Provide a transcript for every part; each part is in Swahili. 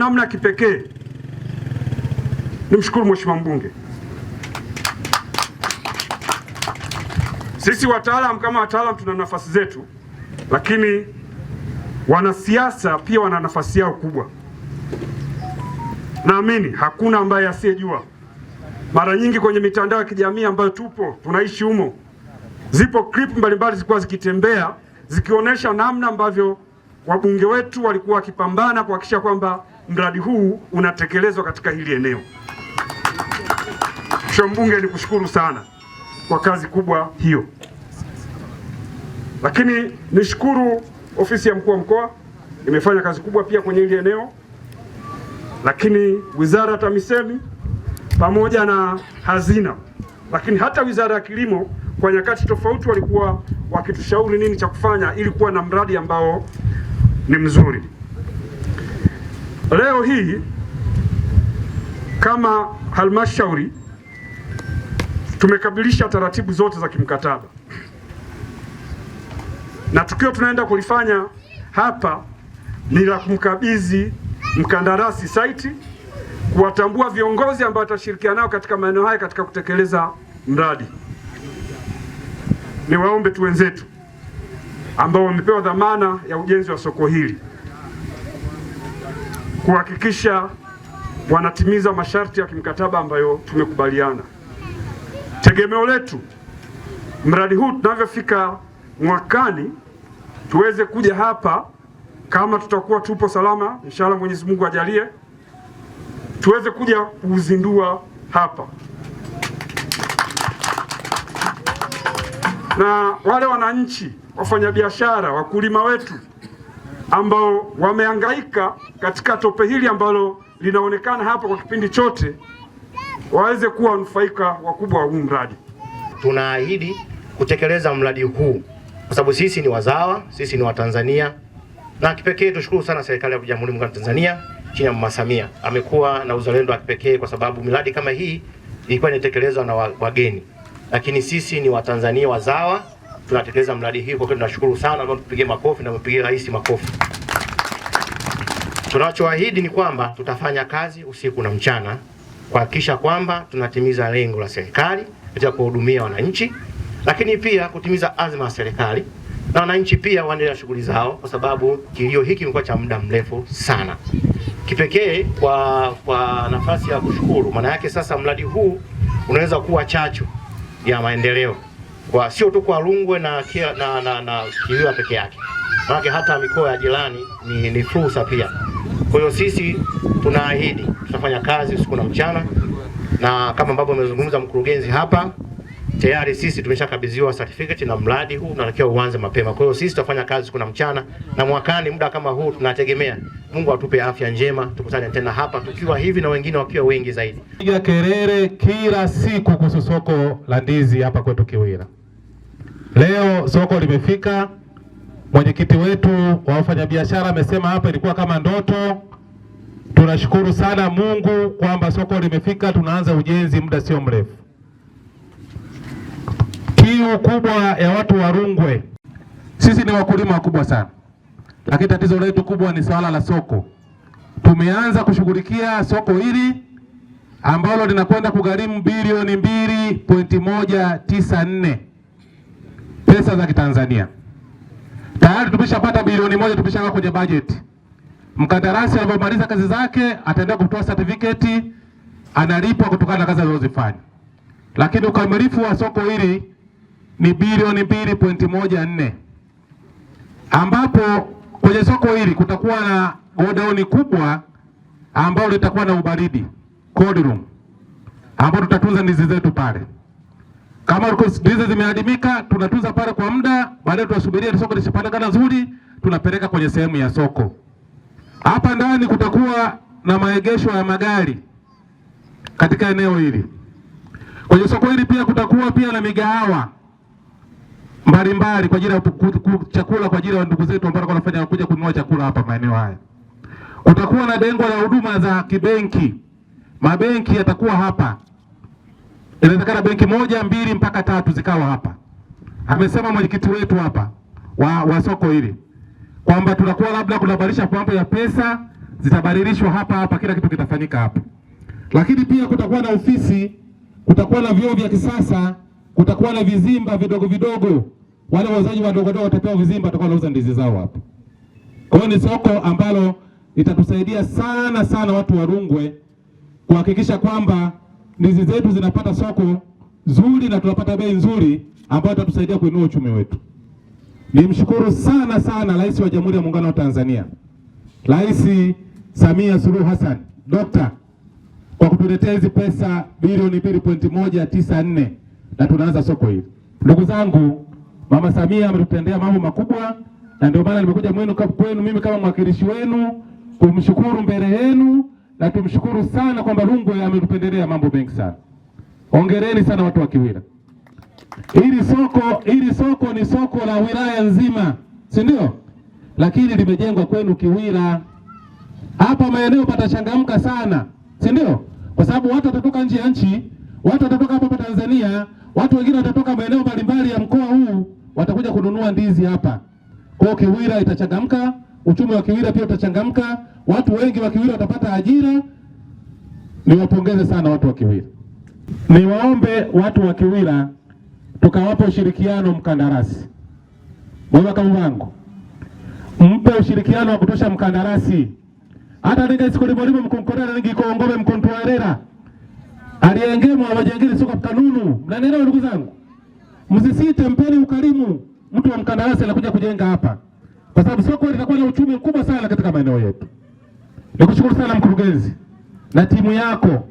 namna kipekee nimshukuru mheshimiwa mbunge. Sisi wataalam kama wataalam tuna nafasi zetu, lakini wanasiasa pia wana nafasi yao kubwa. Naamini hakuna ambaye asiyejua. Mara nyingi kwenye mitandao ya kijamii ambayo tupo tunaishi humo, zipo clip mbalimbali zilikuwa zikitembea zikionyesha namna ambavyo wabunge wetu walikuwa wakipambana kuhakikisha kwamba mradi huu unatekelezwa katika hili eneo. Mheshimiwa Mbunge, nikushukuru sana kwa kazi kubwa hiyo, lakini nishukuru ofisi ya mkuu wa mkoa imefanya kazi kubwa pia kwenye hili eneo, lakini wizara ya TAMISEMI pamoja na hazina, lakini hata wizara ya kilimo kwa nyakati tofauti walikuwa wakitushauri nini cha kufanya ili kuwa na mradi ambao ni mzuri. Leo hii kama halmashauri tumekabilisha taratibu zote za kimkataba, na tukio tunaenda kulifanya hapa ni la kumkabidhi mkandarasi saiti, kuwatambua viongozi ambao watashirikiana nao katika maeneo haya katika kutekeleza mradi. Ni waombe tu wenzetu ambao wamepewa dhamana ya ujenzi wa soko hili kuhakikisha wanatimiza masharti ya kimkataba ambayo tumekubaliana. Tegemeo letu mradi huu tunavyofika mwakani tuweze kuja hapa kama tutakuwa tupo salama, inshallah Mwenyezi Mungu ajalie, tuweze kuja kuuzindua hapa na wale wananchi, wafanyabiashara, wakulima wetu ambao wamehangaika katika tope hili ambalo linaonekana hapa kwa kipindi chote waweze kuwa wanufaika wakubwa wa huu mradi. Tunaahidi kutekeleza mradi huu kwa sababu sisi ni wazawa, sisi ni Watanzania, na kipekee tushukuru sana serikali ya Jamhuri ya Muungano wa Tanzania chini ya Mama Samia. Amekuwa na uzalendo wa kipekee kwa sababu miradi kama hii ilikuwa inatekelezwa na wageni, lakini sisi ni Watanzania wazawa tunatekeleza mradi hii. Kwa hiyo tunashukuru sana, mpigie makofi na mpigie rais makofi. Tunachoahidi ni kwamba tutafanya kazi usiku na mchana kuhakikisha kwamba tunatimiza lengo la serikali katika kuhudumia wananchi, lakini pia kutimiza azma ya serikali na wananchi pia waendelee na shughuli zao, kwa sababu kilio hiki kimekuwa cha muda mrefu sana. Kipekee kwa, kwa nafasi ya kushukuru, maana yake sasa mradi huu unaweza kuwa chachu ya maendeleo kwa sio tu kwa Rungwe na, na, na, na na, peke yake, maana hata mikoa ya jirani ni, ni fursa pia. Kwa hiyo sisi tunaahidi tutafanya kazi usiku na mchana, na kama ambavyo amezungumza mkurugenzi hapa tayari sisi tumeshakabidhiwa certificate na mradi huu tunatakiwa uanze mapema. Kwa hiyo sisi tutafanya kazi usiku na mchana, na mwakani muda kama huu tunategemea Mungu atupe afya njema, tukutane tena hapa tukiwa hivi na wengine wakiwa wengi zaidi. Piga kelele kila siku kuhusu soko la ndizi hapa kwetu Kiwira. Leo soko limefika. Mwenyekiti wetu wa wafanyabiashara amesema hapa ilikuwa kama ndoto. Tunashukuru sana Mungu kwamba soko limefika, tunaanza ujenzi muda sio mrefu kiu kubwa ya watu wa Rungwe. Sisi ni wakulima wakubwa sana, lakini tatizo letu kubwa ni swala la soko. Tumeanza kushughulikia soko hili ambalo linakwenda kugharimu bilioni mbili pointi moja tisa nne pesa za Kitanzania. Tayari tumeshapata bilioni moja, tumeshaweka kwenye bajeti. Mkandarasi anapomaliza kazi zake ataenda kutoa certificate, analipwa kutokana na kazi alizozifanya, lakini ukamilifu wa soko hili ni bilioni mbili pointi moja nne ambapo kwenye soko hili kutakuwa na godauni kubwa ambalo litakuwa na ubaridi cold room, ambao tutatunza ndizi zetu pale. Kama ndizi zimeadimika, tunatunza pale kwa muda, baadaye tunasubiria soko lisipatikana nzuri, tunapeleka kwenye sehemu ya soko. Hapa ndani kutakuwa na maegesho ya magari katika eneo hili. Kwenye soko hili pia kutakuwa pia na migahawa mbalimbali kwa ajili ya chakula kwa ajili ya ndugu zetu ambao wanafanya kuja kununua chakula hapa maeneo haya. Kutakuwa na dengo la huduma za kibenki, mabenki yatakuwa hapa. Inawezekana benki moja mbili mpaka tatu zikawa hapa. Amesema mwenyekiti wetu hapa wa, wa soko hili kwamba tunakuwa labda kunabadilisha mambo ya pesa, zitabadilishwa hapa hapa, kila kitu kitafanyika hapa. Lakini pia kutakuwa na ofisi, kutakuwa na vyoo vya kisasa, kutakuwa na vizimba vidogo vidogo wale wauzaji wadogodogo watapewa vizimba, watakuwa wanauza ndizi zao hapo. Kwa hiyo ni soko ambalo itatusaidia sana sana watu wa Rungwe kuhakikisha kwamba ndizi zetu zinapata soko zuri na tunapata bei nzuri ambayo itatusaidia kuinua uchumi wetu. Nimshukuru sana sana Rais wa Jamhuri ya Muungano wa Tanzania, Rais Samia Suluhu Hassan Dokta, kwa kutuletea hizi pesa bilioni 2.194 na tunaanza soko hili. Ndugu zangu Mama Samia ametutendea mambo makubwa, na ndio maana nimekuja mwenu kwenu mimi kama mwakilishi wenu kumshukuru mbele yenu, na tumshukuru sana kwamba Rungwe ametupendelea mambo mengi sana. Hongereni sana watu wa Kiwira. Hili soko hili soko ni soko la wilaya nzima, si ndio? Lakini limejengwa kwenu Kiwira. Hapa maeneo patachangamka sana, si ndio? Kwa sababu watu watatoka nje ya nchi, watu watatoka hapa Tanzania, watu wengine watatoka maeneo mbalimbali ya mkoa huu watakuja kununua ndizi hapa. Kwa hiyo Kiwira itachangamka, uchumi wa Kiwira pia utachangamka, watu wengi wa Kiwira watapata ajira. Niwapongeze sana watu wa Kiwira. Niwaombe watu wa Kiwira tukawapa ushirikiano mkandarasi. Makamu wangu, mpe ushirikiano wa kutosha mkandarasi hata ningaisikulimolimo mkunkorera ningikongove mkontwarera aliengemwa wajengili suka mkanunu. Mnanielewa ndugu zangu? msisite, mpeni ukarimu mtu wa mkandarasi anakuja kujenga hapa, kwa sababu soko litakuwa na uchumi mkubwa sana katika maeneo yetu. Nikushukuru sana mkurugenzi na timu yako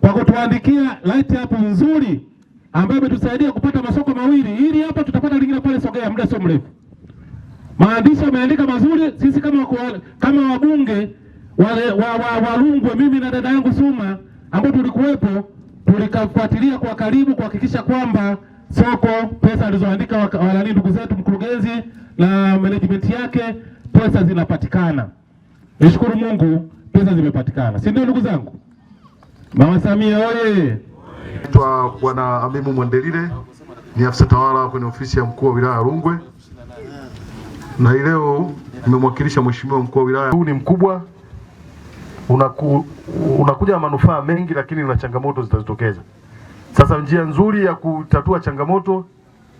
kwa kutuandikia light up nzuri ambayo imetusaidia kupata masoko mawili. ili hapa tutapata lingine pale Sogea muda sio mrefu. Maandishi yameandika mazuri. Sisi kama kwa, kama wabunge wale wa, wa, Walungwe, mimi na dada yangu Suma ambao tulikuwepo, tulikafuatilia kwa karibu kuhakikisha kwamba soko, pesa alizoandika walani ndugu zetu mkurugenzi na management yake, pesa zinapatikana. Nishukuru Mungu, pesa zimepatikana, si ndio ndugu zangu? Mama Samia oye! Naitwa Bwana Amimu Mwendelile, ni afisa tawala kwenye ofisi ya mkuu wa wilaya Rungwe, na hii leo nimemwakilisha mheshimiwa mkuu wa wilaya. Huu ni mkubwa, unaku, unakuja na manufaa mengi, lakini na changamoto zitazitokeza. Sasa njia nzuri ya kutatua changamoto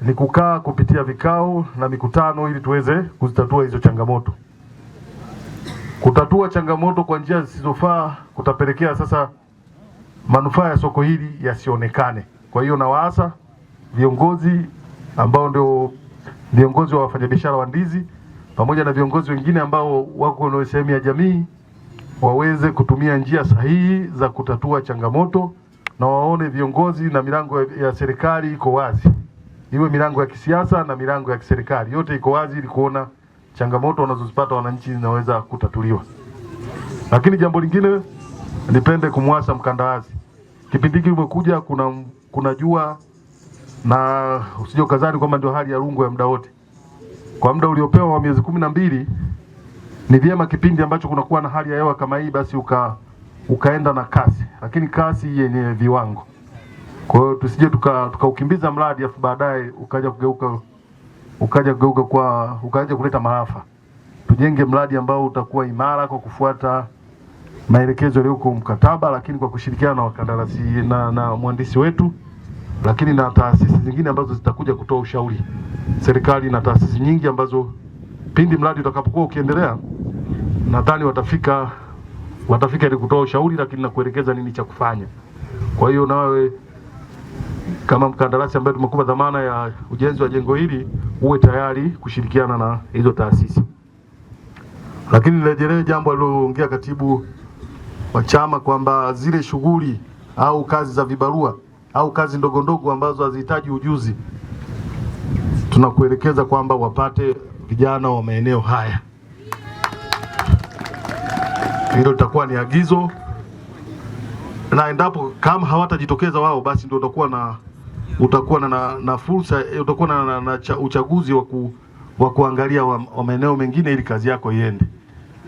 ni kukaa kupitia vikao na mikutano ili tuweze kuzitatua hizo changamoto. Kutatua changamoto kwa njia zisizofaa kutapelekea sasa manufaa ya soko hili yasionekane. Kwa hiyo na waasa viongozi ambao ndio viongozi wa wafanyabiashara wa ndizi pamoja na viongozi wengine ambao wako kwenye sehemu ya jamii waweze kutumia njia sahihi za kutatua changamoto na waone viongozi na milango ya serikali iko wazi, iwe milango ya kisiasa na milango ya kiserikali, yote iko wazi ili kuona changamoto wanazozipata wananchi zinaweza kutatuliwa. Lakini jambo lingine nipende kumwasa mkandarasi, kipindi hiki umekuja, kuna kuna jua na usije ukazani kwamba ndio hali ya rungu ya muda wote. Kwa muda uliopewa wa miezi kumi na mbili, ni vyema kipindi ambacho kunakuwa na hali ya hewa kama hii, basi uka ukaenda na kasi, lakini kasi yenye viwango. Kwa hiyo tusije tukaukimbiza tuka mradi afu baadaye ukaja kugeuka ukaja kugeuka kwa ukaja kuleta maafa. Tujenge mradi ambao utakuwa imara kwa kufuata maelekezo yaliyoko mkataba, lakini kwa kushirikiana na wakandarasi na, na mhandisi wetu, lakini na taasisi zingine ambazo zitakuja kutoa ushauri, serikali na taasisi nyingi ambazo pindi mradi utakapokuwa ukiendelea, nadhani watafika Watafika ni kutoa ushauri, lakini na kuelekeza nini cha kufanya. Kwa hiyo nawe kama mkandarasi ambaye tumekupa dhamana ya ujenzi wa jengo hili uwe tayari kushirikiana na hizo taasisi. Lakini nirejelee jambo aliloongea katibu wa chama kwamba zile shughuli au kazi za vibarua au kazi ndogo ndogo ambazo hazihitaji ujuzi, tunakuelekeza kwamba wapate vijana wa maeneo haya. Hilo litakuwa ni agizo, na endapo kama hawatajitokeza wao, basi ndio utakuwa na utakuwa na, na, na fursa eh, utakuwa na, na, na cha, uchaguzi wa wa kuangalia wa maeneo mengine ili kazi yako iende,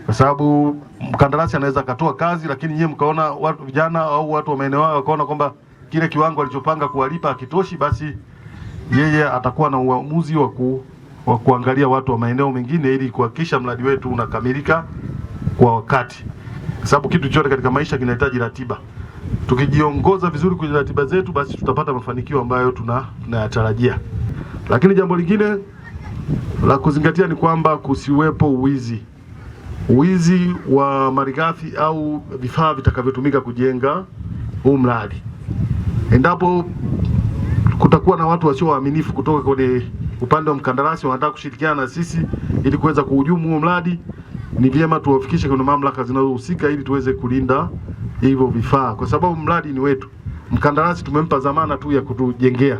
kwa sababu mkandarasi anaweza akatoa kazi, lakini nyie mkaona watu vijana au watu wa maeneo hayo wakaona kwamba kile kiwango alichopanga kuwalipa hakitoshi, basi yeye atakuwa na uamuzi wa wa kuangalia watu wa maeneo mengine ili kuhakikisha mradi wetu unakamilika kwa wakati sababu kitu chote katika maisha kinahitaji ratiba. Tukijiongoza vizuri kwenye ratiba zetu, basi tutapata mafanikio ambayo tuna tunayatarajia. Lakini jambo lingine la kuzingatia ni kwamba kusiwepo uwizi, uwizi wa malighafi au vifaa vitakavyotumika kujenga huu mradi. Endapo kutakuwa na watu wasio waaminifu kutoka kwenye upande wa mkandarasi, wanataka kushirikiana na sisi ili kuweza kuhujumu huu mradi ni vyema tuwafikishe kwenye mamlaka zinazohusika ili tuweze kulinda hivyo vifaa, kwa sababu mradi ni wetu. Mkandarasi tumempa zamana tu ya kutujengea,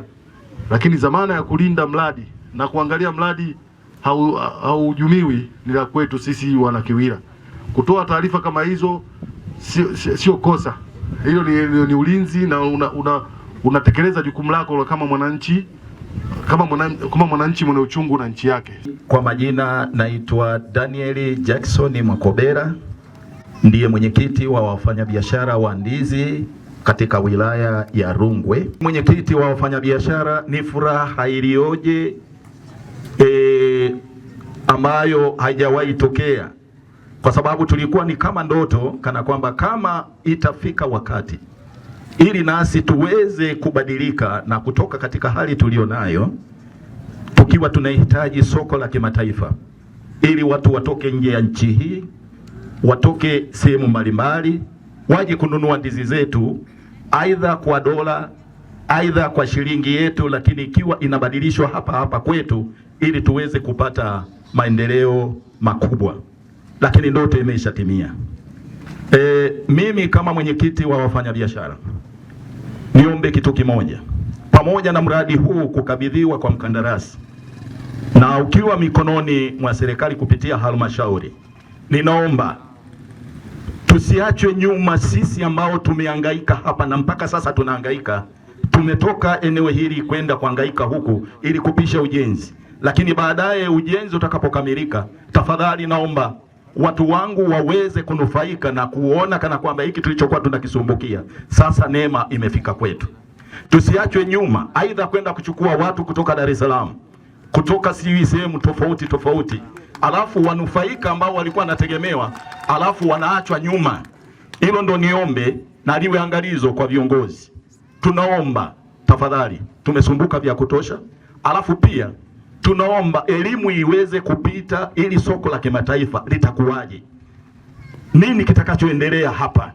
lakini zamana ya kulinda mradi na kuangalia mradi hauhujumiwi hau ni la kwetu sisi wanakiwira. Kutoa taarifa kama hizo sio si, si kosa hilo, ni, ni, ni ulinzi na unatekeleza una, una jukumu lako kama mwananchi kama mwananchi mwana mwenye uchungu na nchi yake. Kwa majina naitwa daniel Jackson Mwakobera, ndiye mwenyekiti wa wafanyabiashara wa ndizi katika wilaya ya Rungwe. Mwenyekiti wa wafanyabiashara, ni furaha iliyoje e, ambayo haijawahi tokea, kwa sababu tulikuwa ni kama ndoto, kana kwamba kama itafika wakati ili nasi tuweze kubadilika na kutoka katika hali tuliyo nayo, tukiwa tunahitaji soko la kimataifa ili watu watoke nje ya nchi hii, watoke sehemu mbalimbali, waje kununua ndizi zetu, aidha kwa dola, aidha kwa shilingi yetu, lakini ikiwa inabadilishwa hapa hapa kwetu, ili tuweze kupata maendeleo makubwa. Lakini ndoto imeshatimia. E, mimi kama mwenyekiti wa wafanyabiashara niombe kitu kimoja, pamoja na mradi huu kukabidhiwa kwa mkandarasi na ukiwa mikononi mwa serikali kupitia halmashauri, ninaomba tusiachwe nyuma sisi ambao tumehangaika hapa na mpaka sasa tunahangaika. Tumetoka eneo hili kwenda kuhangaika huku ili kupisha ujenzi, lakini baadaye ujenzi utakapokamilika, tafadhali naomba watu wangu waweze kunufaika na kuona kana kwamba hiki tulichokuwa tunakisumbukia sasa neema imefika kwetu. Tusiachwe nyuma, aidha kwenda kuchukua watu kutoka Dar es Salaam, kutoka sijui sehemu tofauti tofauti, alafu wanufaika ambao walikuwa wanategemewa, alafu wanaachwa nyuma. Hilo ndo niombe na liwe angalizo kwa viongozi, tunaomba tafadhali, tumesumbuka vya kutosha, alafu pia tunaomba elimu iweze kupita ili soko la kimataifa litakuwaje, nini kitakachoendelea hapa,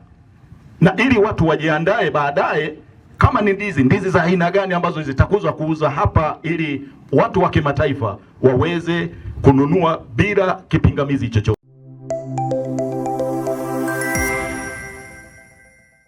na ili watu wajiandae baadaye, kama ni ndizi, ndizi za aina gani ambazo zitakuzwa kuuza hapa ili watu wa kimataifa waweze kununua bila kipingamizi chochote.